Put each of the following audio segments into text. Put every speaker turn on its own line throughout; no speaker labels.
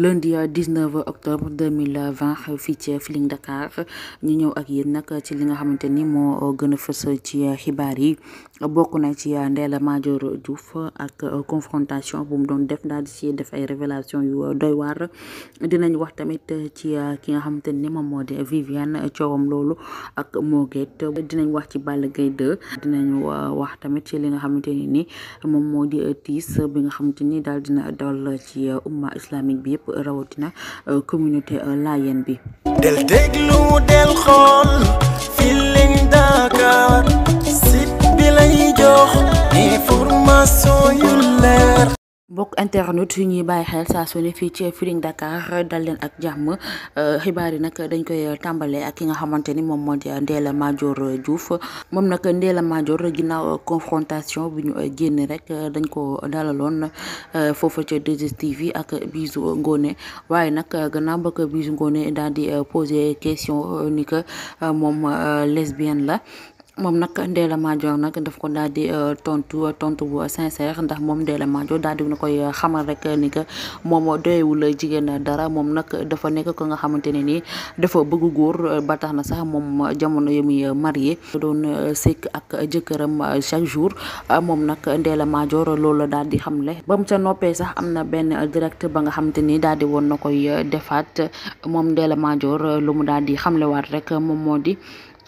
lundi 19 octobre 2020 fii ci Feeling Dakar ñu ñëw ak yéen nag ci li nga xamante ni moo gën a fës ci xibaar yi bokk na ci euh, Ndella Madior Diouf ak euh, confrontation bu mu doon def daal di ci def ay révélation yu euh, doy waar dinañ wax tamit ci ki nga xamante ni moom moo di Viviane coowam loolu ak Moguette dinañ wax ci Balla Gaye dinañ wax tamit ci li nga xamante ni moo di tiis bi nga xamante ni daal dina dal ci umma islamique bi yëpp rawatina communauté laayeen bi
del déglu del xool
Feeling Dakar mbokk yu leer internet yu ñuy bàyyi xel saa su ne fii ci Feeling Dakar dal leen ak jàmm euh, xibaar yi nag dañ koy tàmbalee ak ki nga xamante ni moom moo di Ndella Madior Diouf moom nag Ndella Madior ginnaaw confrontation bu ñu génn rek dañ ko dalaloon euh, foofa ca 2 ak Bijou ngoone waaye nag gannaaw ba ko Bijou Ngoné daal di poser question ni que euh, moom lesbienne la moom nag Ndella Madior nag daf ko daal di euh, tontu tontu bu sincère ndax moom Ndella Madior daal di na koy euh, xamal rek ni que moom doyewul jigéen dara moom nag dafa nekk ko nga xamante ne nii dafa bëgg góor euh, ba tax na sax moom jamono yu muy marié doon sëkk ak jëkkëram chaque jour moom nag Ndella Madior loolu daal di xamle ba mu ca noppee sax am na benn direct ba nga xamante ni daal di woon na koy defaat moom Ndella Madior lu mu daal di xamlewaat rek moom moo di.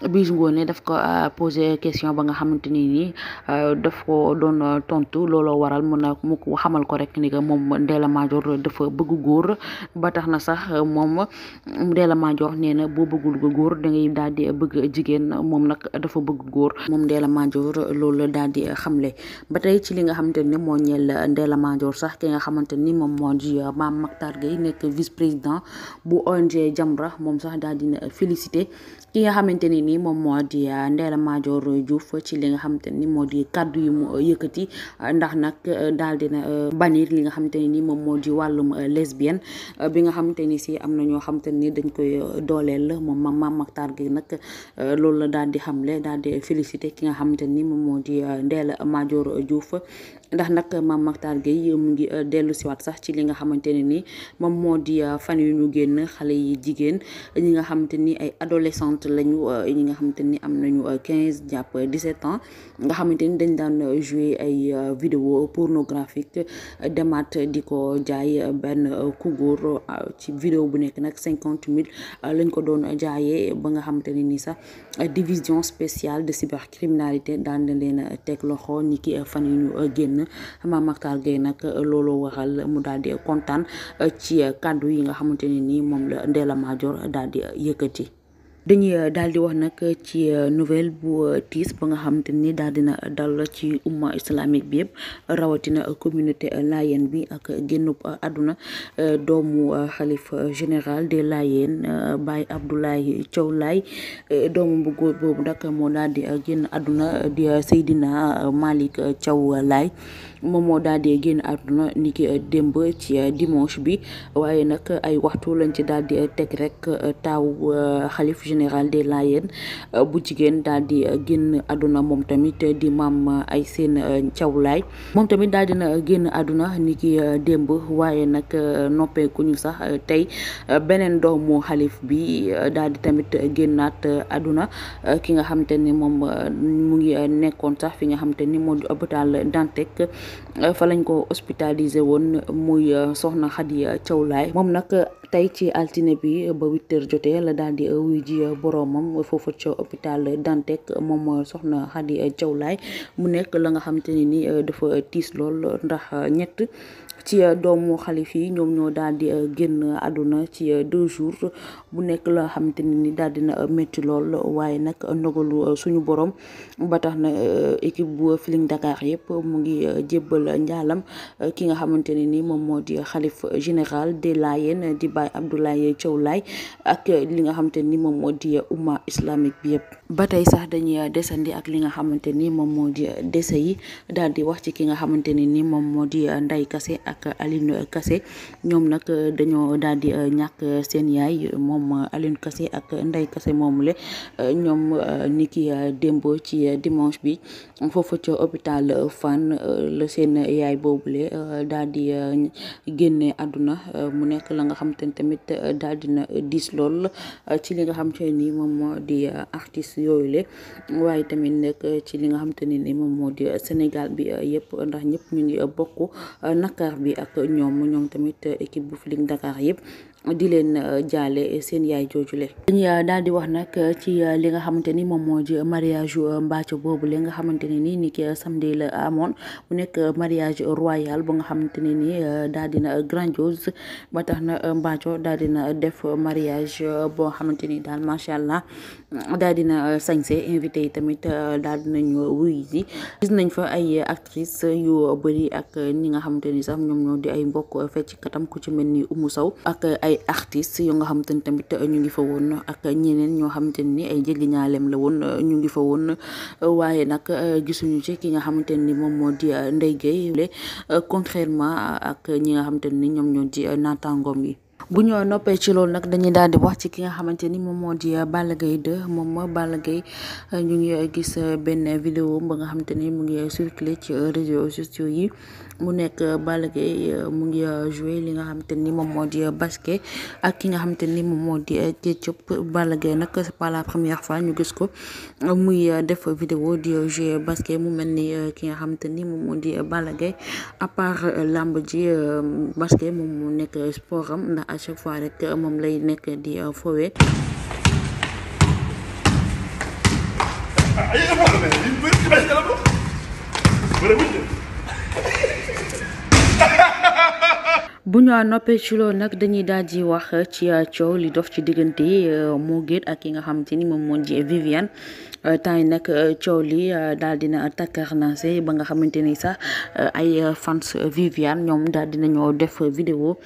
Bijou Ngoné daf ko euh, posé question ba nga xamante ni nii euh, daf ko doon euh, tontu looloo waral mun na mu ko xamal ko rek ni que moom Ndella Madior dafa bëgg góor ba tax na sax moom Ndella Madior nee na boo bëggul góor da ngay daal di bëgg jigéen moom nag dafa bëgg góor moom Ndella Madior loolu daal di xamle ba tey ci li nga xamante ni moo ñeel Ndella Madior sax ki nga xamante ni moom moo di Mame Mactar Gueye nekk vice président bu ONG Jamra moom sax daal dina félicité ki nga xamante ni nii moom moo di ah, Ndella Madior Diouf ci li nga xamante ni moo di kaddu yu mu ah, yëkkati ah, ndax nag daal dina bannir li nga xamante ni nii moom moo di wàllum lesbienne bi nga xamante ni si am na ñoo xamante ni dañ koy dooleel moom ma Mame Mactar Gueye nag loolu la daal di xamle daal di félicité ki nga xamante ni moom moo di Ndella Madior Diouf ndax nag Mame Mactar Gueye mu ngi euh, dellu siwaat sax ci li nga xamante ne ni moom moo di euh, fan yu ñu génn xale yi jigéen ñi nga xamante ni ay adolescente lañu euh, ñi nga xamante ni am nañu quinze jàpp dix-sept ans nga xamante ni dañ daan jouer ay vidéo pornographique demaat di ko jaay benn ku ci vidéo bu nekk nag cinquante mille lañ ko doon jaayee ba nga xamante ne ni sax division spéciale de cybercriminalité daan leen teg loxo ni ki fan yu ñu génn génn makar Mactar Gueye nag loolu waral mu daal di kontaan ci kàddu yi nga xamante ni nii moom la Ndella Madior daal di yëkkati dañuy euh, daal di wax nag ci euh, nouvelle bu euh, tiis ba nga xamante ni daal dina dal ci umma islamique bi yëpp rawatina communauté laayeen bi ak génnub àdduna doomu xalif général des laayeen Baye Abdoulaye Thiaw Laye doomu bu góor nag moo daal di génn àdduna di Seydina Malick caw Laye moom moo daal di génn àdduna ni démb ci dimanche bi waaye nag ay waxtu lañ ci daal di teg rek taaw xalif général des Layènes euh, bu jigéen daal di euh, génn àdduna moom tamit euh, di maam ay seen cawlaay moom tamit daal dina génn àdduna ni ki démb waaye nag noppeeku ñu sax tey beneen doomu xalif bi daal di tamit génnaat àdduna ki nga xamante ni moom mu ngi nekkoon sax fi nga xamante ni moo di hôpital Dantec fa lañ ko hospitalisé woon muy soxna Xadi Cawlaay moom nag tey ci altine bi ba huit jotee la daal di uh, wuy ji uh, boromam foofu ca hôpital Dantec moom soxna Khady Diaw Laye mu nekk la nga xamante ne ni uh, dafa tiis lool ndax ñett ci euh, doomu xalif yi ñoom ñoo daal di euh, génn àdduna ci euh, deux jours bu nekk la xamante ne ni daal na métti lool waaye nag ndogalu suñu borom ba tax na équipe bu Feeling Dakar yëpp mu ngi jébbal njaalam ki nga xamante ne ni moom moo di xalif général des Layènes di Baye Abdoulaye Thiaw Laye ak li nga xamante ni moom moo di umma islamique bi yëpp ba tey sax dañuy desandi ak li nga xamante ni moom moo di dese yi daal di wax ci ki nga xamante ne ni moom moo di Ndeye Kassé ak Aline Kassé ñoom nag euh, dañoo daal di euh, ñàkk seen yaay moom euh, Aline Kassé ak Ndeye Kassé moom le ñoom ni ki démb ci dimanche bi foofu ca hôpital Fann la seen yaay boobule daal di génne àdduna mu nekk la nga xam te ni tamit daal na diis lool ci li nga xam te ni moom moo di artiste yooyu le waaye tamit nekk ci li nga xam te ni moom moo di Sénégal bi yëpp ndax ñëpp ñu ngi naka Dakar bi ak ñoom ñoom tamit équipe bu Feeling Dakar yëpp di leen euh, jaale seen yaay joojule dañuy euh, daal di wax nag euh, ci li nga xamante ni moom moo ji mariage yu boobu li nga xamante ne nii ni ki samedi la amoon mu nekk mariage royal bu nga xamante ne nii daal dina grandiose ba tax na mbàcco daal dina def mariage boo xamante ni daal macha allah daal dina sañse invité yi tamit daal nañu wuy si gis nañ fa ay actrice yu bëri ak ni nga xamante ni sax ñoom ñoo di ay mbokk fecc katam ku ci mel ni Umu Saw ak ay ay artistes yu nga xamante ni tamit ñu ngi fa woon ak ñeneen ñoo xamante ni ay jéggi ñaaleem la woon ñu ngi fa woon waaye nag gisuñu ci ki nga xamante ni moom moo di Ndeye Gueye contrairement ak ñi nga xamante ni ñoom ñoo di naataangoom yi. bu ñoo noppee ci loolu nag dañuy daal di wax ci ki nga xamante ni moom moo di euh, Balla Gaye 2 moom ma Balla euh, ñu ngi euh, gis benn vidéo ba nga xamante ni mu ngi circulé ci réseaux sociaux yi mu nekk Balla mu ngi joué li nga xam xamante ni moom moo di basket ak ki nga xamante ni moom moo di Ketchup Balla Gaye nag c'est première fois ñu gis ko muy def vidéo di joué basket mu mel ni ki nga xamante ni moom moo di Balla Gaye à part lamb ji basket moom mu nekk sport ndax à chaque fois rek euh, moom la nekk di euh, fowe ah, bu ñu noppee ci loolu nag dañuy daal di wax ci euh, coow li dof ci diggante euh, Mo Gates ak ki nga xamante ni moom moo di Viviane euh, temps yi nag coow li daal dina takkarnase ba nga xamante ni sax ay fans Viviane ñoom daal dina def vidéo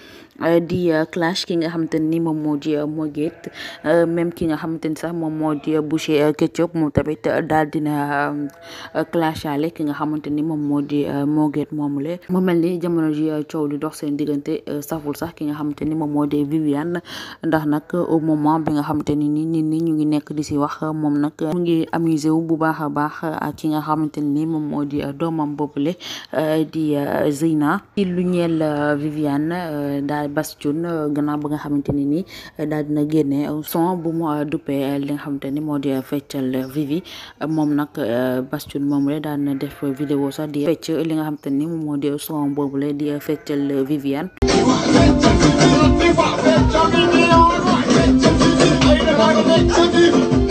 di clash ki nga xamante ni moom moo di Mo Gates même ki nga xamante ni sax moom moo di Boucher Ketchup moom tamit daal dina clashale ki nga xamante ni moom moo di Mo Gates moomule mu mel ni jamono ji coow li dox seen diggante Euh, saful sax ki nga xamante ni moom moo dee Viviane ndax nag au moment bi nga xamante ni ni nit ñi ñu ngi nekk di si wax moom nag mu ngi amusé wu bu baax a baax ci nga xamante ni moom moo di euh, doomam boobule euh, di Zeyna ci lu ñeel Viviane daal Bass Thioung gannaaw ba nga xamante ni ni daal dina génne son bu mu duppee li nga xamante ni moo di feccal Vivi moom nag Bass Thioung moom le daan def vidéo sax li nga xamante ni moom moo di feccal Viviane Thank you.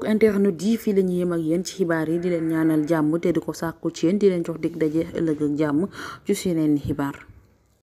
mbokk internet yi fii la ñu yem ak yéen ci xibaar yi di leen ñaanal jàmm te di ko sàkku ci yéen di leen jox dig daje ëllëg ak jàmm ci yeneen xibaar